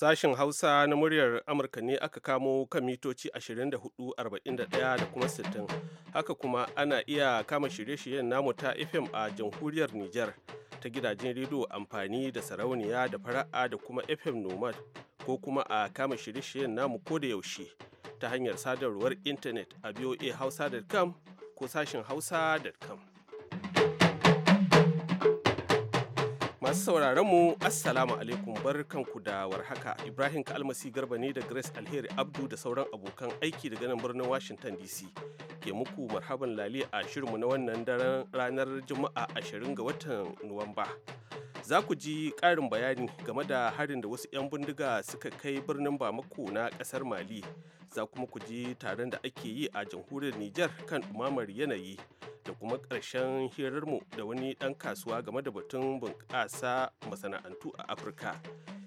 Sashen Hausa na muryar Amurka ne aka kamo kan mitoci 24,41 da kuma 60. Haka kuma ana iya kama shirye-shiryen namu ta FM a jamhuriyar Nijar ta gidajen rediyo amfani da sarauniya da fara'a da kuma FM Nomad ko kuma a kama shirye-shiryen namu ko da yaushe ta hanyar sadarwar intanet a voahausa.com ko sashen hausa.com. Masu sauraron mu Assalamu alaikum barkanku da warhaka Ibrahim Kalmasi Garba ne da Grace Alheri Abdu da sauran abokan aiki daga nan birnin Washington DC. Ke muku marhaban lali a shirinmu na wannan daren ranar Juma'a 20 ga watan Nuwamba. Za ku ji ƙarin bayani game da harin da wasu 'yan bindiga suka kai birnin Bamako na ƙasar Mali. Za kuma ku ji taron da ake yi a jamhuriyar niger kan ɗumamar yanayi da kuma ƙarshen hirarmu da wani ɗan kasuwa game da batun bunkas. sa masana'antu a afirka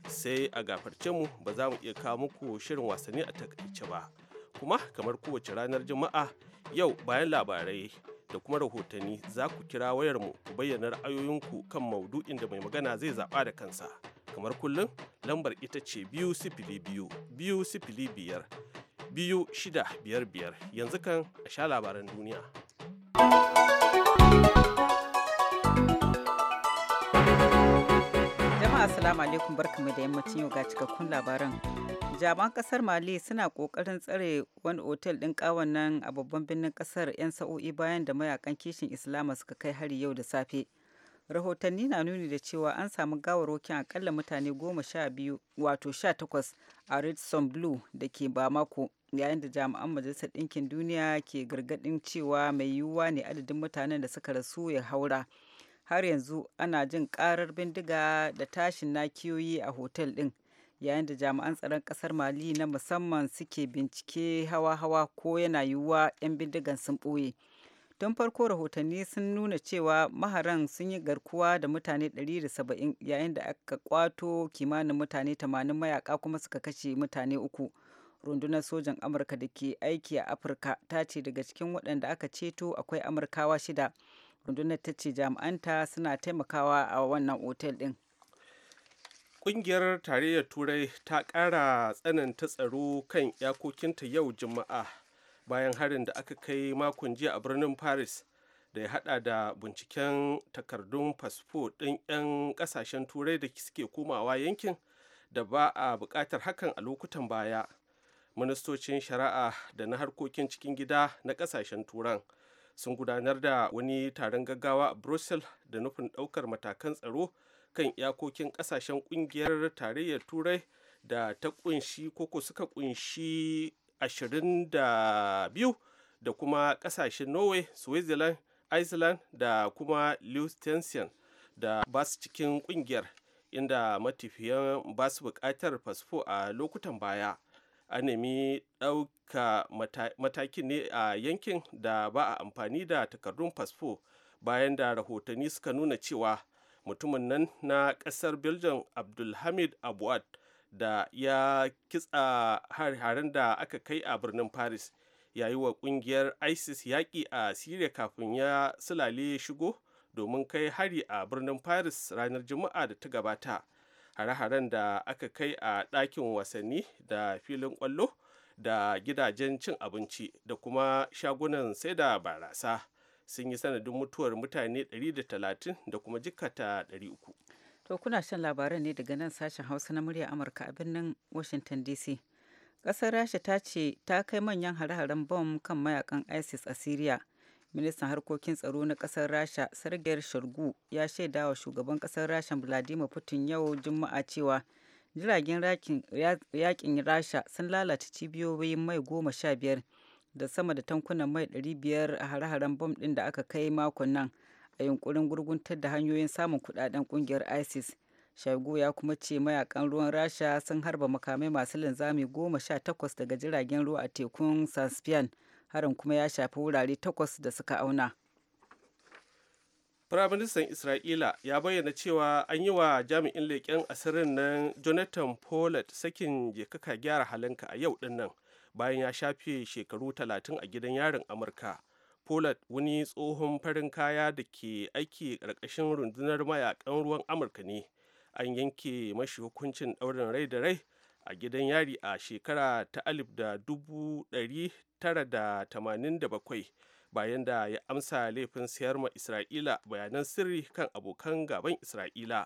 sai a gafarce mu ba za mu iya kawo muku shirin wasanni a takaice ba kuma kamar kowace ranar juma'a yau bayan labarai da kuma rahotanni za ku kira wayarmu ku bayyana ra'ayoyinku kan maudu'in da mai magana zai zaɓa da kansa kamar kullum lambar ita ce biyu sifili biyu biyu sifili biyar biyu shida biyar biyar yanzu kan a sha labaran duniya. assalamu alaikum barkamu da yammacin yau ga cikakkun labaran jaman kasar mali suna kokarin tsare wani otel din kawon nan a babban birnin kasar 'yan sa'o'i bayan da mayakan kishin islama suka kai hari yau da safe rahotanni na nuni da cewa an samu gawar gawarwakin akalla mutane goma sha biyu wato sha takwas a red sun blue da ke bamako yayin da jami'an majalisar ɗinkin duniya ke gargaɗin cewa mai yiwuwa ne adadin mutanen da suka rasu ya haura har yanzu ana jin karar bindiga da tashin nakiyoyi a hotel ɗin yayin da jami'an tsaron ƙasar mali na musamman suke bincike hawa-hawa ko yana yiwuwa 'yan bindigan sun ɓoye tun farko rahotanni sun nuna cewa maharan sun yi garkuwa da mutane 170 yayin da aka kwato kimanin mutane 80 mayaka kuma suka kashe mutane uku rundunar sojan amurka da ke aiki a afirka ta ce daga cikin waɗanda aka ceto akwai amurkawa shida rundunar ta ce jami'anta suna taimakawa a wannan otel din kungiyar tarayyar turai ta ƙara tsananta tsaro kan yakokinta yau juma'a bayan harin da aka kai makon jiya a birnin paris da ya hada da binciken takardun fasfo ɗin 'yan ƙasashen turai da suke komawa yankin da ba a buƙatar hakan a lokutan baya ministocin shari'a da na harkokin cikin gida na ƙasashen turan sun gudanar da wani taron gaggawa a brussels da nufin ɗaukar matakan tsaro kan iyakokin ƙasashen ƙungiyar tarayyar turai da ta ƙunshi koko suka ƙunshi 22 da kuma ƙasashen norway switzerland iceland da kuma liechtenstein da ba su cikin ƙungiyar inda matafiyan ba su buƙatar fasfo a lokutan baya a nemi ɗauka matakin ne a yankin da ba a amfani da takardun fasfo bayan da rahotanni suka nuna cewa mutumin nan na ƙasar belgium abdulhamid abuad da ya kitsa hare haren da aka kai a birnin paris ya yi wa kungiyar isis yaƙi a syria kafin ya sulale shigo domin kai hari a birnin paris ranar juma'a da ta gabata hare-haren da aka kai a ɗakin wasanni da filin ƙwallo da gidajen cin abinci da kuma shagunan sai da barasa sun yi sanadin mutuwar mutane 130 da kuma jikata 300 to kuna shan labaran ne daga nan sashen hausa na murya amurka a birnin washington dc ƙasar rasha ta ce ta kai manyan hare-haren bom kan mayakan isis a syria ministan harkokin tsaro na kasar rasha sergei shargu ya shaida wa shugaban kasar rasha vladimir putin yau juma'a cewa jiragen yakin rasha sun lalata cibiyoyin mai goma sha biyar da sama da tankunan mai ɗari biyar a hare-haren bom ɗin da aka kai makon nan a yunkurin gurguntar da hanyoyin samun kudaden kungiyar isis shagu ya kuma ce mayakan ruwan rasha sun harba makamai masu linzami goma sha takwas daga jiragen ruwa a tekun saspian harin kuma ya shafi wurare takwas da suka auna Firaministan Isra'ila ya bayyana cewa an yi wa jami'in leƙen asirin nan Jonathan Pollard sakin jikaka gyara halinka a yau ɗin nan bayan ya shafe shekaru talatin a gidan yarin Amurka. Pollard wani tsohon farin kaya da ke aiki ƙarƙashin rundunar mayakan ruwan Amurka ne. An yanke mashi hukuncin ɗaurin rai da rai a gidan yari a shekara ta alif da dubu ɗari 1987 bayan da ya amsa laifin sayar ma isra'ila bayanan sirri kan abokan gaban isra'ila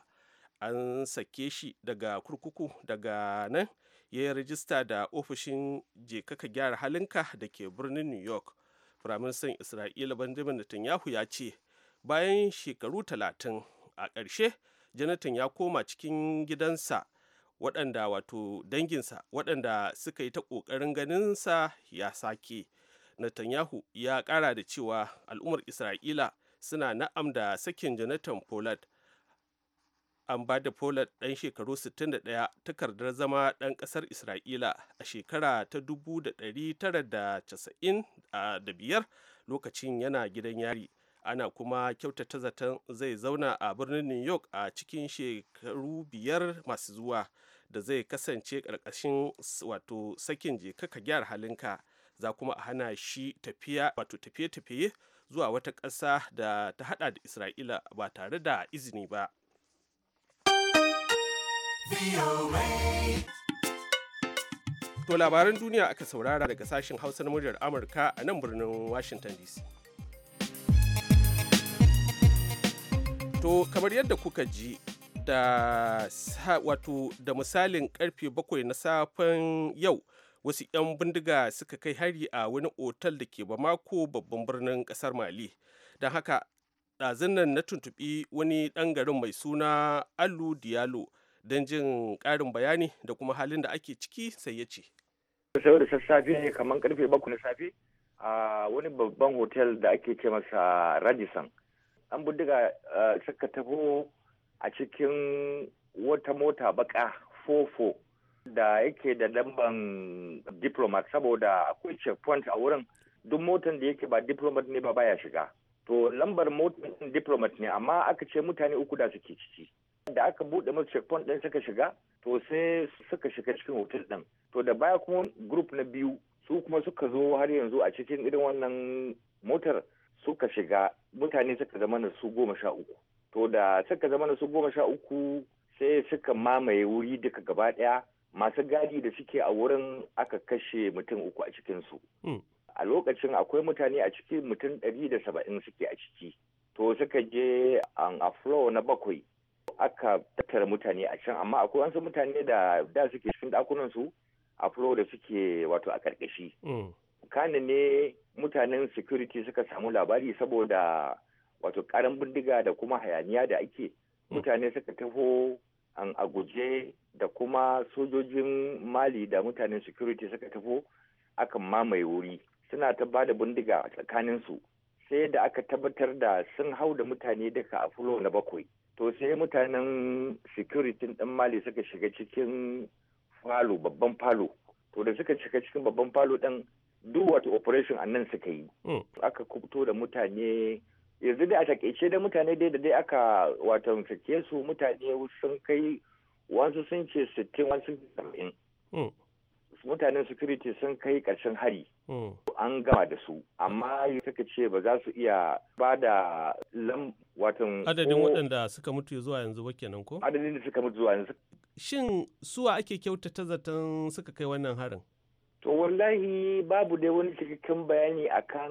an sake shi daga kurkuku daga nan ya yi rajista da ofishin je jekaka gyara halinka da ke birnin new york firaministan isra'ila benjamin netanyahu ya ce bayan shekaru talatin a ƙarshe janatan ya koma cikin gidansa waɗanda wato danginsa waɗanda suka yi ta ƙoƙarin ganinsa ya sake netanyahu ya ƙara da cewa al'ummar isra'ila suna na'am da sakin jonathan pollard an ba da pollard ɗan shekaru 61 takardar zama ɗan ƙasar isra'ila a shekara ta 1995 lokacin yana gidan yari ana kuma kyautata zaton zai zauna a birnin new york a cikin shekaru biyar masu zuwa da zai kasance ƙarƙashin wato sakin je kaka gyara halinka za kuma a hana shi tafiya wato tafiye-tafiye zuwa wata ƙasa da ta hada da isra'ila ba tare da izini ba to labaran duniya aka saurara daga sashen hausa na muryar amurka a nan birnin washington dc to kamar yadda kuka ji da wato da misalin karfe bakwai na safen yau wasu 'yan bindiga suka kai hari a wani otal da ke bamako babban birnin kasar mali don haka ɗazun na tuntuɓi wani ɗan garin mai suna allu diallo don jin ƙarin bayani da kuma halin da ake ciki sai ya ce sau da sassafe kamar karfe bakwai na safe a wani babban hotel da ake ce masa rajisan an bindiga eh, suka tafi a cikin wata mota baka fofo da yake da lamban diplomat saboda akwai checkpoint a wurin duk motan da yake ba diplomat ne ba baya shiga to lambar motan diplomat ne amma aka ce mutane uku da suke ciki da aka buɗe masu checkpoint ɗin suka shiga to sai suka shiga cikin hotel ɗin to da baya kuma group na biyu su kuma suka zo har yanzu a cikin irin wannan motar suka shiga mutane suka zama na su goma sha uku to da suka zama da su goma sha uku sai suka mamaye wuri duka gaba ɗaya masu gadi da suke a wurin aka kashe mutum uku a cikinsu hmm. a lokacin akwai mutane a cikin mutum ɗari da saba'in suke a ciki to suka je an um, aflo na bakwai aka tattara mutane a can amma akwai wasu mutane da da suke cikin dakunan su aflo da suke wato a karkashi hmm. kanin ne mutanen security suka samu labari saboda wato karan bindiga da kuma hayaniya da ake mm. mutane suka taho an aguje da kuma sojojin mali da mutanen security suka taho akan mamaye wuri suna ta bada bindiga a su sai da aka tabbatar da sun hau da mutane daga a fulo na bakwai to sai mutanen security din mali suka shiga cikin falo babban falo to da suka shiga cikin babban falo ɗin duk wata operation a nan suka yi mm. aka kubuto da mutane yanzu dai a takaice da mutane dai da dai aka wato sake su mutane sun kai wasu sun ce sittin wasu sun hmm. mutanen security sun kai ƙarshen hari hmm. an gama da su amma suka ce ba za su iya ba da lam watan adadin waɗanda suka mutu zuwa yanzu ba kenan ko adadin da suka mutu zuwa yanzu shin suwa ake kyautata zaton suka kai wannan harin To wallahi babu dai wani cikakken bayani akan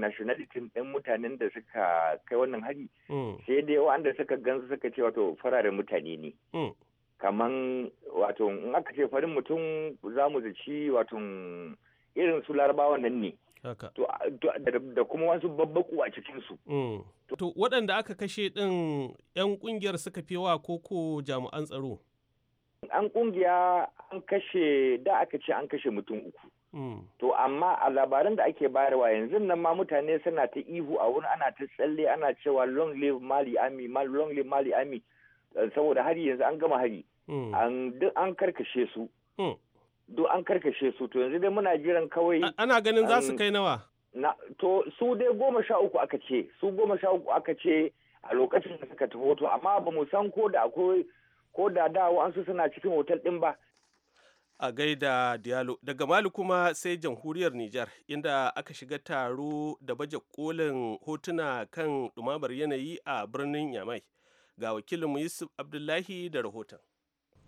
nationality ɗin mutanen da suka kai wannan hari. Mm. Sai dai wanda suka gansu suka ce wato fararen mutane ne. Mm. Kaman wato in aka ce farin mutum za mu zaci wato irin su larabawa nan ne. da kuma wasu babbaku a cikinsu. Mm. To waɗanda aka kashe ɗin 'yan ƙungiyar suka fi wa koko jami'an tsaro? An kungiya an kashe da aka ce an kashe mutum uku. Hmm. To amma a labarin da ake bayarwa yanzu nan ma mutane suna ta ihu a wurin ana ta tsalle ana cewa long live Mali Army, long live Mali Army eh, saboda hari yanzu an gama hari. Hmm. Duk an karkashe su. Hmm. Duk an karkashe su to yanzu dai muna jiran kawai. Ana ganin za su kai nawa? Na, to su dai goma sha uku aka ce, su goma sha uku aka ce a lokacin da suka tafi to amma ba mu san ko da akwai ko da da wa'ansu suna cikin otal ɗin ba a gaida diallo daga mali kuma sai jamhuriyar nijar inda aka shiga taro da baje kolin hotuna kan ɗumamar yanayi a birnin yamai ga wakilin yusuf abdullahi da rahoton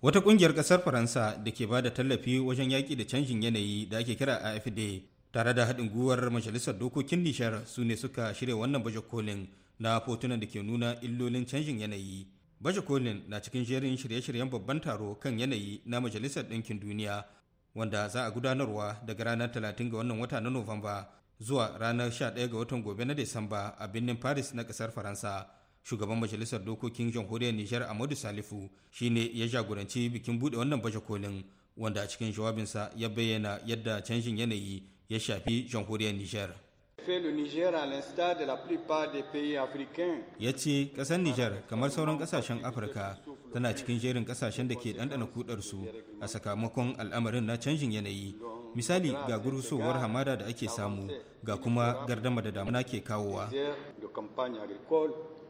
wata kungiyar kasar faransa da ke ba da tallafi wajen yaƙi da canjin yanayi da ake kira afd tare da haɗin gwiwar majalisar dokokin nishar su ne suka shirya wannan baje kolin na hotunan da ke nuna illolin canjin yanayi baje kolin na cikin jerin shirye-shiryen babban taro kan yanayi na majalisar ɗinkin duniya wanda za a gudanarwa daga ranar 30 ga wannan wata na nowamba zuwa ranar 11 ga watan gobe na Disamba a birnin Paris na ƙasar Faransa. Shugaban Majalisar Dokokin Jamhuriyar Nijar Amadu Salifu shine ya jagoranci bikin buɗe wannan baje kolin wanda a cikin jawabinsa ya bayyana yadda canjin yanayi ya shafi Jamhuriyar Nijar. Ya ce ƙasar Nijar kamar sauran ƙasashen Afirka tana cikin jerin ƙasashen da ke ɗanɗana kudarsu a sakamakon al'amarin na canjin yanayi. Misali ga gurusowar hamada da ake samu ga kuma gardama da damuna ke kawowa.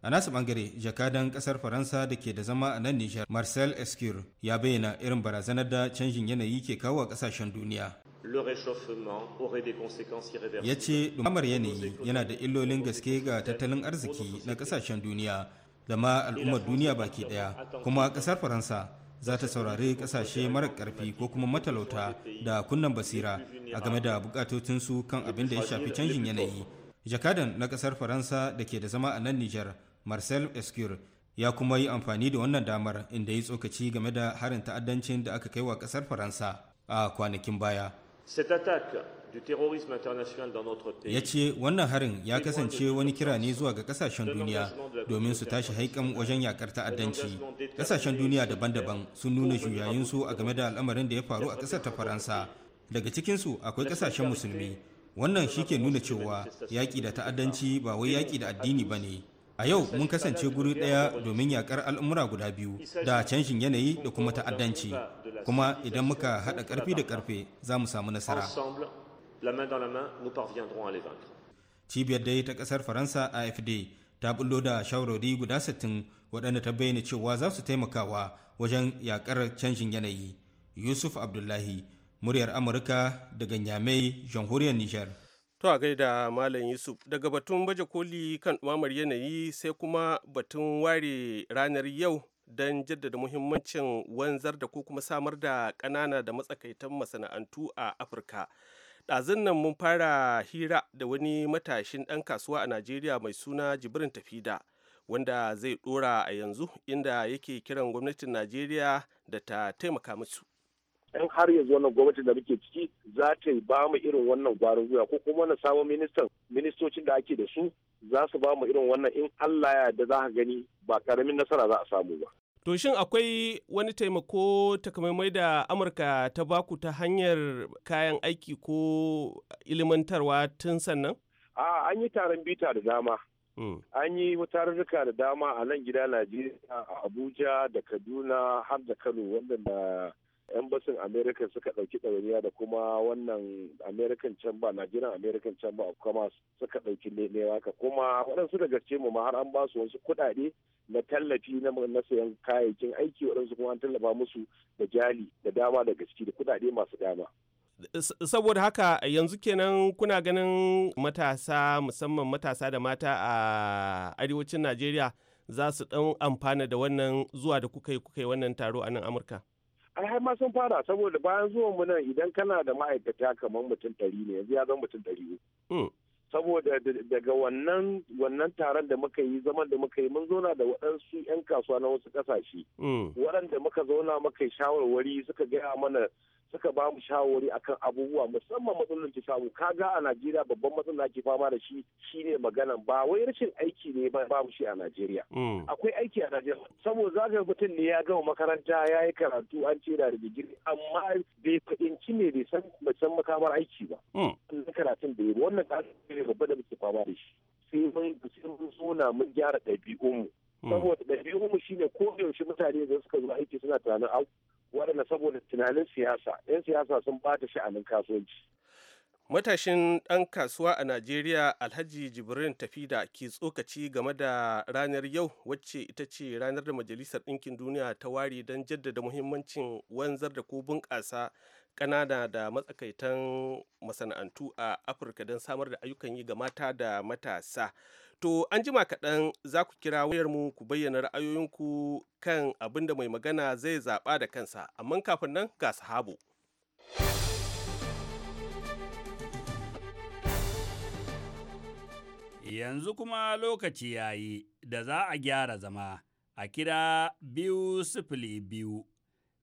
A nasu bangare jakadan kasar Faransa da ke da zama a nan Nijar Marcel Escure ya bayyana irin barazanar da canjin yanayi ke kawo a kasashen duniya. ya ce ɗumamar yanayi yana da illolin gaske ga tattalin arziki na ƙasashen duniya da ma al'ummar duniya baki ɗaya kuma ƙasar faransa za ta saurari ƙasashe mara ƙarfi ko kuma matalauta da kunnan basira a game da su kan abin da ya shafi canjin yanayi jakadan na ƙasar faransa da ke da zama a nan nijar marcel escure ya kuma yi amfani da wannan damar inda ya tsokaci game da harin ta'addancin da aka kai wa ƙasar faransa a kwanakin baya ya ce wannan harin ya kasance wani kira ne zuwa ga kasashen duniya domin su tashi haikan wajen yakar ta'addanci kasashen duniya daban-daban sun nuna juyayinsu a game da al'amarin da ya faru a ƙasar ta faransa daga cikinsu akwai kasashen musulmi wannan shi ke nuna cewa yaƙi da ta'addanci ba wai yaƙi da addini ba ne a yau mun kasance guri ɗaya domin yakar al'umura guda biyu da canjin yanayi da kuma ta'addanci kuma idan muka haɗa ƙarfi da ƙarfe za mu samu nasara cibiyar dai ta ƙasar faransa afd ta bullo da shawarwari guda 60 waɗanda ta bayyana cewa za su taimakawa wajen yaƙar canjin yanayi yusuf abdullahi muryar amurka daga nyamai jamhuriyar nijar To a gaida Malam Yusuf daga batun baje koli kan ɗumamar yanayi sai kuma batun ware ranar yau don jaddada muhimmancin wanzar da ko kuma samar da ƙanana da matsakaitan masana'antu a afirka ɗazin nan mun fara hira da wani matashin ɗan kasuwa a najeriya mai suna jibrin tafida wanda zai ɗora a yanzu inda yake kiran gwamnatin najeriya da ta taimaka musu in har yanzu wannan gwamnatin da muke ciki za ta ba mu irin wannan gwarin gwiwa ko kuma wani sabon ministan ministocin da ake da su za su ba mu irin wannan in Allah ya da za a gani ba karamin nasara za a samu ba. To shin akwai wani taimako takamaimai da Amurka ta baku ta hanyar kayan aiki ko ilimantarwa tun sannan? A an yi taron bita da dama. Hmm. An yi tarurruka da dama a nan gida Najeriya a Abuja da Kaduna har da Kano wanda basin america suka dauki ɗawainiya da kuma wannan american chamber nigerian american chamber of commerce suka ɗauki ne haka kuma waɗansu daga ce mu ma har an ba wasu kuɗaɗe na tallafi na sayan kayayyakin aiki waɗansu kuma an tallafa musu da jali da dama da gaske da kuɗaɗe masu dama saboda haka yanzu kenan kuna ganin matasa musamman matasa da mata a arewacin najeriya za su ɗan amfana da wannan zuwa da kuka yi kuka yi wannan taro a nan amurka ai har ma sun fara saboda bayan zuwan mu nan idan kana da ma'aikata kamar mutum ɗari ne yanzu ya zama mutum ɗari uku. Hmm. saboda daga wannan wannan taron da muka yi zaman da muka yi mun zauna da waɗansu 'yan kasuwa na wasu ƙasashe hmm. waɗanda muka zauna muka yi shawarwari suka gaya mana suka ba mu shawari akan abubuwa musamman matsalolin ta samu kaga a Najeriya babban matsala ke fama da shi shine magana ba wai rashin aiki ne ba mu shi a Najeriya mm. akwai aiki a Najeriya saboda zaka mutum ne ya gama makaranta ya yi karatu an ce da digiri amma bai fadinci ne bai san musamman makamar aiki ba mm. wannan karatun da wannan ne babba da muke fama da shi sai mun sai mun zona mun gyara ɗabi'unmu mm. saboda ɗabi'unmu shine ko yaushe mutane da suka zo aiki suna tunanin waɗanda saboda tunanin siyasa 'yan siyasa sun bada sha'anin kasuwanci matashin ɗan kasuwa a najeriya alhaji jibrin tafida ke tsokaci game da ranar yau wacce ita ce ranar da majalisar ɗinkin duniya ta ware don jaddada muhimmancin wanzar da ko bunƙasa ƙanana da matsakaitan masana'antu a afirka don samar da ayyukan yi ga mata da matasa to an jima kaɗan za ku kira wayarmu ku bayyana ra'ayoyinku kan abin da mai magana zai zaɓa da kansa amma kafin nan ga sahabu yanzu kuma lokaci ya yi da za a gyara zama a kira biyu sifili biyu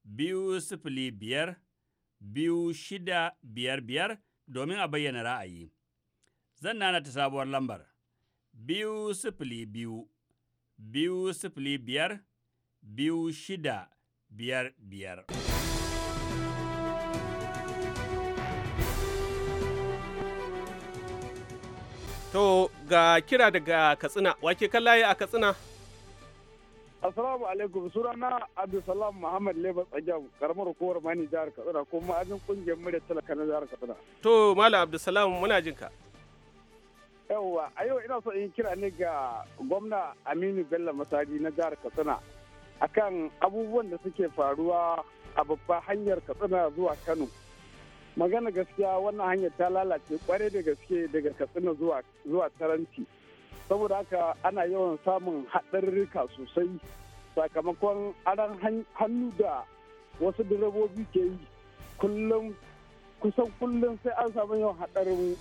biyu sifili biyar biyu shida biyar biyar domin a bayyana ra'ayi. Zan nana ta sabuwar lambar biyu sifili biyu, biyu sifili biyar, biyu shida biyar biyar. To ga kira daga Katsina, wake kan a Katsina? Assalamu alaikum sunana Abdulsalam Muhammad Leba Tsagyam karamar hukumar Mani jihar Katsina ko ma'ajin kungiyar murya talaka na jihar Katsina. To Malam Abdulsalam muna jin ka. Yawwa a yau ina so in kira ne ga gwamna Aminu Bello masadi na jihar Katsina akan abubuwan da suke faruwa a babbar hanyar Katsina zuwa Kano. Magana gaskiya wannan hanyar ta lalace kwarai da gaske daga Katsina zuwa zuwa Taranti. saboda haka ana yawan samun haɗarurruka sosai sakamakon aran hannu da wasu direbobi ke yi kullum kusan kullum sai an samu yawan haɗarin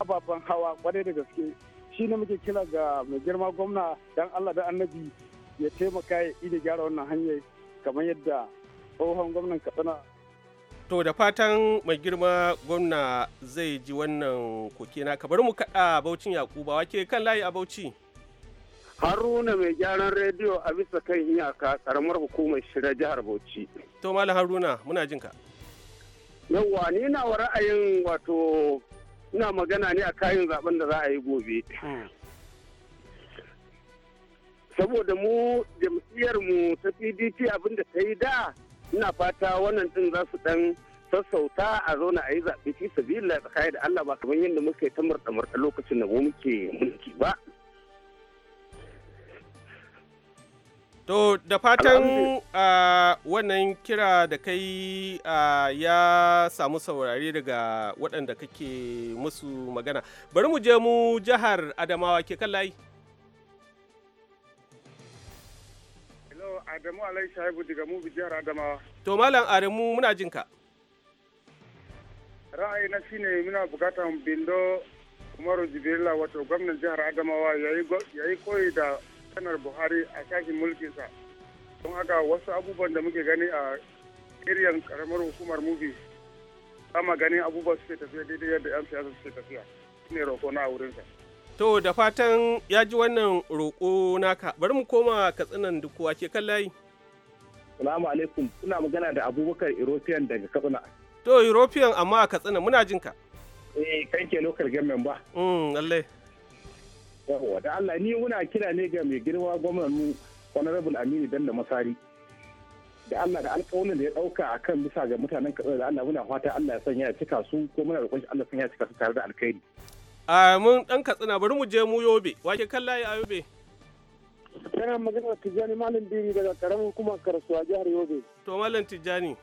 ababen hawa kwarai da gaske shi ne muke kira ga mai girma gwamna dan allah da annabi ya taimaka ya ida gyara wannan hanyar kamar yadda tsohon gwamnan katsina To da fatan mai girma gwamna zai ji wannan kokena ka bari mu kaɗa Baucin Yakuba wake kan layi a Bauchi. Haruna mai gyaran rediyo a bisa kan iyaka karamar hukumar shirya jihar Bauchi. To mala Haruna muna jin ka. Yawwa ni na wa ra'ayin wato ina magana ne a kayan zaben da za a yi gobe. Hmm. Saboda mu jam'iyyar mu ta PDP abinda ta yi da ina fata wannan din za su dan sassauta a zauna a yi zaɓe fi sabila tsakaya da Allah ba kamar yadda muka yi ta murɗa lokacin da mu muke mulki ba. To da fatan ah, wannan kira da kai ah, ya samu saurare daga waɗanda kake musu magana. Bari mu je mu jihar Adamawa ke kan layi. Adamu Alai Shaibu daga mu jihar Adamawa. To Malam Adamu muna jin ka. na shine muna bukatar Bindo Umaru Jibirila wato gwamnan jihar Adamawa yayi koyi da sanar Buhari a shakin mulkinsa. Don haka wasu abubuwan da muke gani a kiryan karamar hukumar mubi sama ganin abubuwan suke tafiya daidai yadda 'yan siyasa suke tafiya. Shine roƙo na a wurinsa. To da fatan ya ji wannan roƙo naka bari mu koma katsinan duk kowa ke kan layi. Salamu alaikum ina magana da Abubakar European daga Katsina. To European amma a Katsina muna jin ka. Eh kan ke local government ba. Mm lalle. Yawwa da Allah ni muna kira ne ga mai girma gwamnan mu Honorable Aminu Danda Masari. Da Allah da alƙawarin da ya ɗauka a kan bisa ga mutanen Katsina da Allah muna fata Allah ya sanya ya cika su ko muna roƙon Allah ya sanya ya cika su tare da alkhairi. a mun dan katsina bari mu je mu yobe wake kan layi a yobe kana magana tijjani malam biri daga karamin hukumar karasuwa jihar yobe to malam tijjani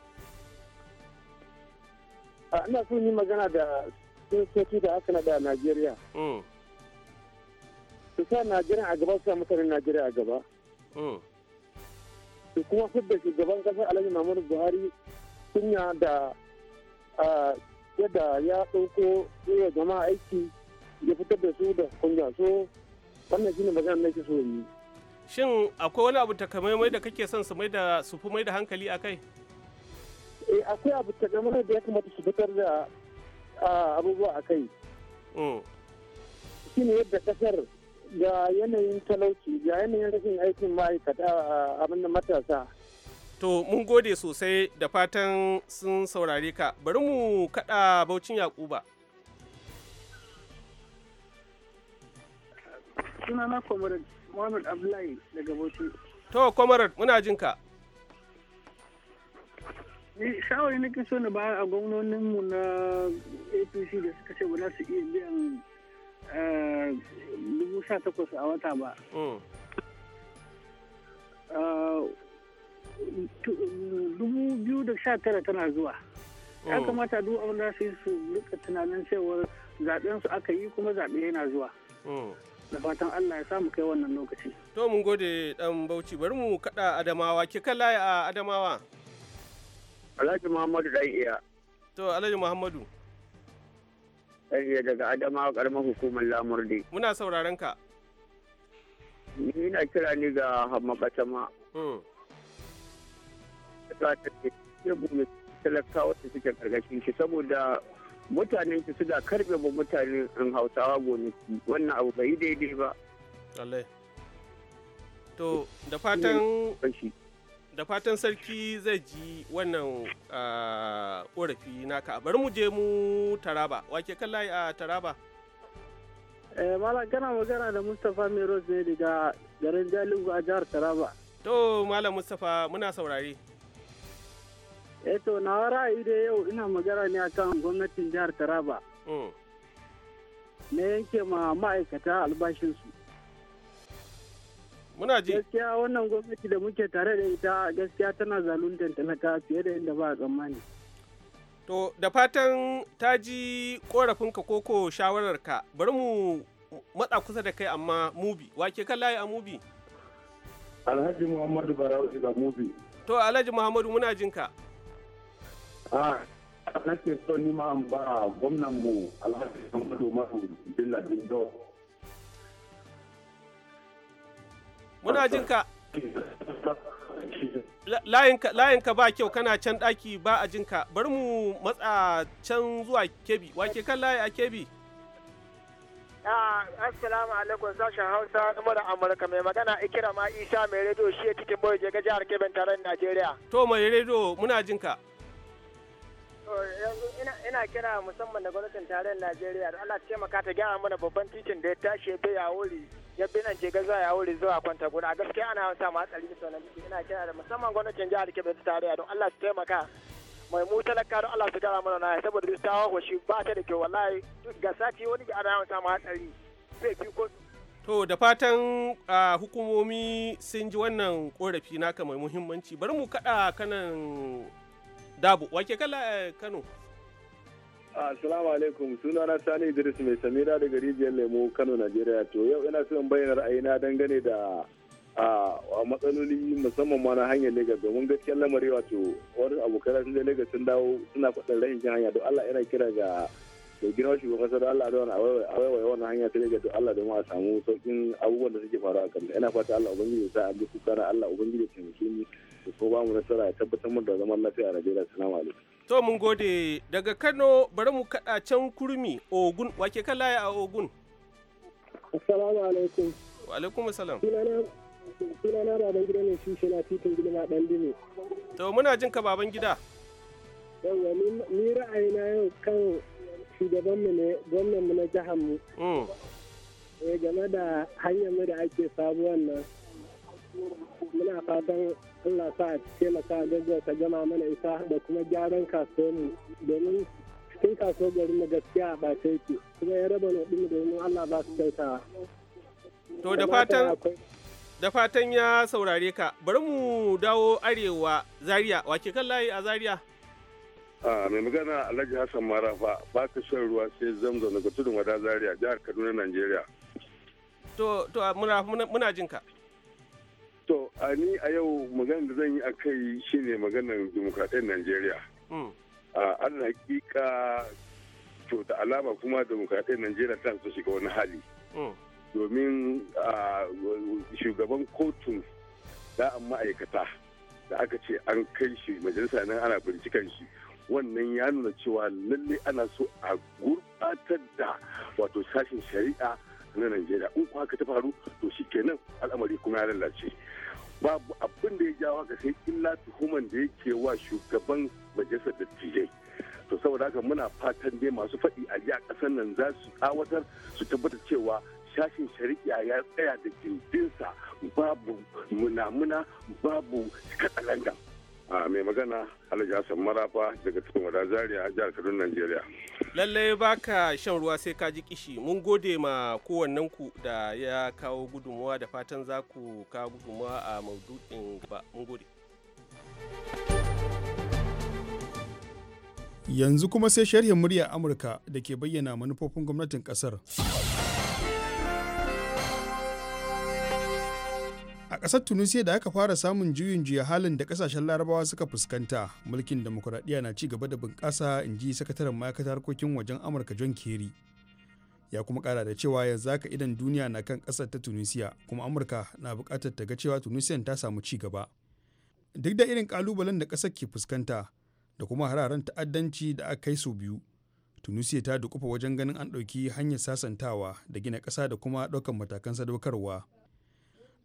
ina so yi magana da sojoji da aka da a najeriya mm. su sa najeriya a gaba su sa mutanen najeriya a gaba mm. su kuma fidda shugaban kasar alhaji muhammadu buhari yi da yadda ya ɗauko iya jama'a aiki ya fitar da su da kunya so wannan shine magana nake so yi shin akwai wani abu takamaimai da kake son su mai da su fi mai da hankali a kai eh akwai abu takamaimai da ya kamata su fitar da abubuwa a kai mm. shine yadda kasar ga yanayin talauci ga yanayin rashin aikin ma'aikata abin da matasa To mun gode sosai da fatan sun saurare ka. Bari mu kaɗa Baucin Yakuba. suna na comrade Abdullahi daga Bauchi. To comrade muna jin ka. Ni shawari nake so na bayar a gwamnoninmu na APC da suka ce ba za su iya biyan eh, dubu sha takwas a wata ba. Mm. Eh, dubu biyu da sha tara tana zuwa ya mm. kamata duk abin da su yi su rika tunanin cewar zaɓen su aka yi kuma zaɓe yana zuwa mm. da fatan Allah ya samu kai wannan lokaci. To mun gode dan Bauchi bari mu kada Adamawa ki kala a Adamawa. Alhaji Muhammadu dai iya. To Alhaji Muhammadu. Sai daga Adamawa karamar hukumar Lamurde. Muna sauraron ka. Ni na kira ni ga Hammakatama. Hmm. Ta ta ce talakawa ta suke karkashin shi saboda mutane su suna karbe ba mutane in hausawa gonaki wannan abu bai daidai ba to da fatan da fatan sarki zai ji wannan korafi ah, naka bari mu je mu taraba wake layi a ah, taraba eh, Malam kana magana da Mustapha mai ne daga garin Jalingo a jihar Taraba. To Malam Mustapha muna saurari eh to na ra'ayi da yau ina magana ne akan gwamnatin jihar taraba mm. na yanke ma ma'aikata albashinsu muna ji gaskiya wannan gwamnati da muke tare da ita gaskiya tana zaluntar talaka fiye da inda ba a tsammani to da fatan ta ji korafinka koko shawararka bari mu matsa kusa da kai amma mubi wake kan layi a mubi alhaji muhammadu barawa da mubi to alhaji muhammadu muna jinka ka so ni ma ba gwamnan mu alhaji muhammadu umaru dindo muna jin ka layinka ba kyau kana can daki ba a jinka bari mu matsa can zuwa kebi wake kan layi a kebi ah, Assalamu alaikum sashen Hausa na mura Amurka mai magana ma Isa mai rediyo shi ya cikin boye ga jihar Kebbi tare Najeriya. To mai rediyo muna jinka. ka. ina kira musamman da gwamnatin tarayyar Najeriya da Allah taimaka ta gyara mana babban titin da ya tashi bai ya wuri ya bi nan jega za ya wuri zuwa kwanta guda a gaskiya ana samu hatsari da sauran titi ina kira da musamman gwamnatin jihar Kebbi ta tarayya don Allah su taimaka mai mu talaka don Allah su gyara mana na saboda duk tawo hawa shi ba ta da kyau wallahi ga sati wani ga ana samu hatsari zai fi ko To da fatan hukumomi sun ji wannan korafi naka mai muhimmanci bari mu kada kanan Dabu, wake kala eh, Kano? Ah, assalamu alaikum suna na Sani Idris mai samira daga rijiyar Lemo Kano Najeriya to yau ina son bayyana ra'ayina dangane da ah, a matsaloli musamman ma na hanyar Legas domin gaskiyar lamari wato wani abokan sun je Legas sun dawo suna faɗin rashin jin hanya don Allah yana kira ga da girma shugaban kasa don Allah don a waiwaye wannan hanya ta Legas don Allah domin a samu sauƙin abubuwan da suke faruwa kan ina fata Allah ubangiji ya sa a duk kuka Allah ubangiji ya taimake ni ko ba mu nasara ya tabbatar mun da zaman lafiya a Najeriya salamu alaikum to mun gode daga Kano bari mu kada can kurmi Ogun wake kalaya a Ogun assalamu alaikum wa alaikum assalam sunana baban gida ne shi na titin gilma dan dini to muna jin ka baban gida yawa ni ra'ayina yau kan mu ne mu na jihar mu mm. eh, game da hanyar mu da ake sabuwan nan muna fatan Allah sa a gaggawa ta gama mana isa da kuma gyaran kasuwanmu domin cikin kaso garin mu gaskiya a ɓace yake kuma ya raba na ɗin domin Allah ba su kyautawa. To da fatan da fatan ya saurare ka bari mu dawo arewa Zaria wake kan layi a Zaria. a mai magana Alhaji Hassan Marafa ba ka shan ruwa sai zamzam daga tudun wada Zaria jihar Kaduna Najeriya. To to muna muna jinka. ka. To, a ni a yau magana da zan yi a kai shi magana maganar demokradiyyar Najeriya. Hmm. A an hakika to da alama kuma demokradiyyar Najeriya ta su shiga wani hali. Hmm. Domin shugaban kotun an ma'aikata da aka ce an kai shi majalisa nan ana binciken shi. wannan ya nuna cewa lalle ana so a gurbatar da wato sashen shari'a na Najeriya in kuma haka ta faru to shi kenan al'amari kuma ya lalace babu abin da ya jawo ga sai illa tuhuman da yake wa shugaban majalisar dattijai to saboda haka muna fatan dai masu faɗi a ji a ƙasar nan za su tsawatar su tabbatar cewa shashin shari'a ya tsaya da gindinsa babu munamuna babu katsalangan mai magana alhaji hassan marafa daga cikin wada zaria jihar kaduna najeriya lallai baka shan ruwa sai ka ji kishi mun gode ma kowannen ku da ya kawo gudunmuwa da fatan za ku kawo gudunmuwa a maududin ba mun gode yanzu kuma sai sharhin muryar amurka da ke bayyana manufofin gwamnatin kasar kasar tunisia da aka fara samun juyin juya halin da ƙasashen larabawa suka fuskanta mulkin demokuraɗiyya na ci gaba da bunƙasa in ji sakataren ma'aikatar harkokin wajen amurka john kerry ya kuma ƙara da cewa yanzu haka idan duniya na kan ƙasar ta tunisia kuma amurka na buƙatar ta ga cewa tunisian ta samu ci gaba duk da irin ƙalubalen da ƙasar ke fuskanta da kuma hararen ta'addanci da aka kai sau biyu tunisia ta dukufa wajen ganin an ɗauki hanyar sasantawa da gina ƙasa da kuma ɗaukar matakan sadaukarwa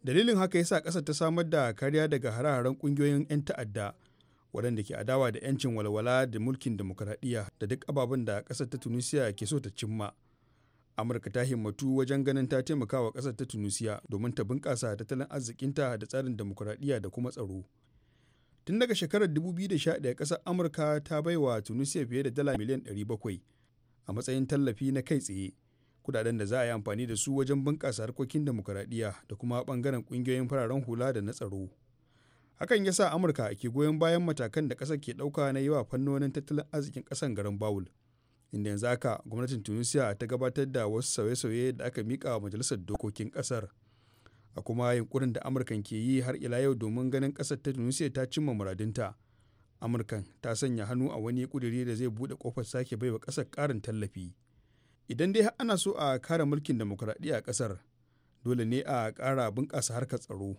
dalilin haka yasa ƙasar ta samar da kariya daga hare-haren ƙungiyoyin 'yan ta'adda waɗanda ke adawa da 'yancin walwala da mulkin demokuraɗiyya da duk ababen da ƙasar ta tunisiya ke so ta cimma amurka ta himmatu wajen ganin ta taimaka wa ƙasar ta tunisiya domin ta bunƙasa tattalin arzikinta da tsarin demokuraɗiyya da kuma tsaro tun daga shekarar 2011 kasar amurka ta baiwa tunisiya fiye da dala miliyan 700 a matsayin tallafi na kai tsaye kudaden da za a yi amfani da su wajen bunƙasa harkokin demokuraɗiyya da kuma ɓangaren ƙungiyoyin fararen hula da na tsaro hakan ya sa amurka ke goyon bayan matakan da ƙasar ke ɗauka na yi wa fannonin tattalin arzikin ƙasar garin bawul inda yanzu haka gwamnatin tunisia ta gabatar da wasu sauye-sauye da aka miƙa wa majalisar dokokin ƙasar a kuma yunkurin da amurkan ke yi har ila yau domin ganin ƙasar ta tunisia ta cimma muradinta amurkan ta sanya hannu a wani ƙudiri da zai buɗe ƙofar sake baiwa ƙasar ƙarin tallafi idan dai ana so a kare mulkin demokuraɗiyya a ƙasar dole ne a ƙara bunƙasa harkar tsaro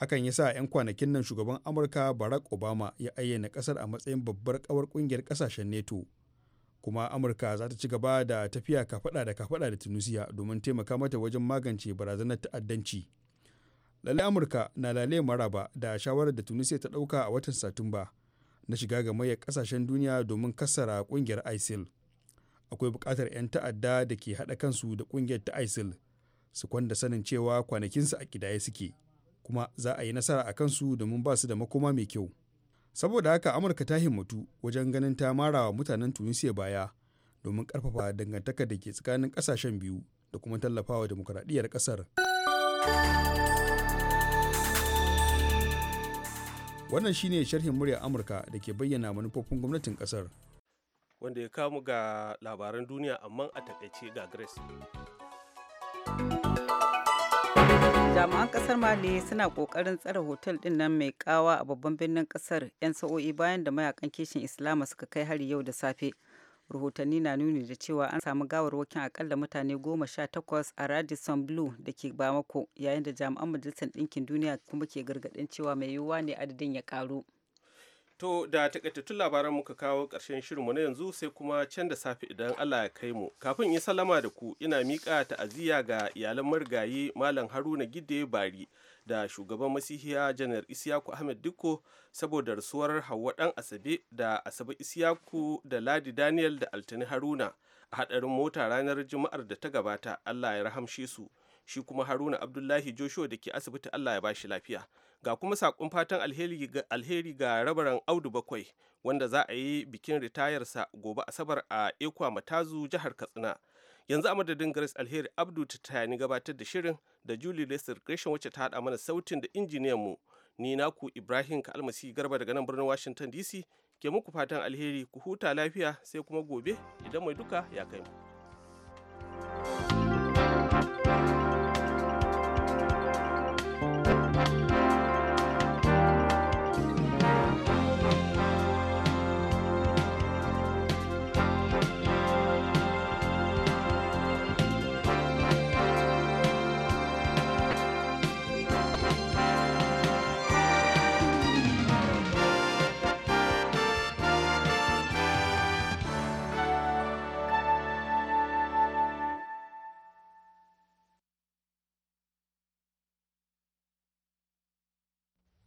hakan ya sa 'yan kwanakin nan shugaban amurka barack obama ya ayyana ƙasar a matsayin babbar ƙawar ƙungiyar ƙasashen neto kuma amurka za ta ci gaba da tafiya kafaɗa da kafaɗa da tunisiya domin taimaka mata wajen magance barazanar ta'addanci lalle amurka na lalle maraba da shawarar da tunisiya ta ɗauka a watan satumba na shiga ga gamayyar ƙasashen duniya domin kassara ƙungiyar isil akwai bukatar 'yan ta'adda da ke haɗa kansu da ƙungiyar ta isil su kwanda sanin cewa kwanakinsu a kidaye suke kuma za a yi nasara a kansu domin ba su da makoma mai kyau saboda haka amurka ta himmatu wajen ganin ta mara wa mutanen tunisia baya domin ƙarfafa dangantaka da ke tsakanin ƙasashen biyu da kuma tallafawa demokuraɗiyyar ƙasar wannan shine sharhin murya amurka da ke bayyana manufofin gwamnatin ƙasar wanda ya kamu ga labaran duniya amma a takaice ga Grace. jami'an kasar mali suna kokarin tsare hotel din nan mai kawa a babban birnin kasar 'yan sa'o'i bayan da mayakan kishin islama suka kai hari yau da safe rahotanni na nuni da cewa an samu gawarwakin akalla mutane goma sha takwas a radisson blue da ke bamako yayin da jami'an majalisar ɗinkin duniya kuma ke gargaɗin cewa mai yiwuwa ne adadin ya ƙaru To da takaitattun labaran muka kawo ƙarshen shirinmu na yanzu sai kuma can da safe idan Allah ya kai mu. Kafin yi salama da ku ina miƙa ta'aziyya ga iyalan marigayi Malam Haruna Gide Bari da shugaban masihiya Janar Isiyaku Ahmed Dikko saboda rasuwar hawa ɗan Asabe da Asabe Isiyaku da Ladi Daniel da Altani Haruna a haɗarin mota ranar Juma'ar da ta gabata Allah ya rahamshe su. Shi kuma Haruna Abdullahi Joshua da ke asibiti Allah ya bashi lafiya. ga kuma sakon fatan alheri ga rabaran audu bakwai wanda za a yi bikin ritayarsa gobe asabar a ekwa matazu jihar katsina yanzu a madadin alheri abdu ta tayani gabatar da shirin da julie lester gresham wacce ta haɗa mana sautin da injiniyan mu ni naku ibrahim kalmasi garba daga nan birnin washington dc ke muku fatan alheri ku huta lafiya sai kuma gobe idan mai duka ya kai mu.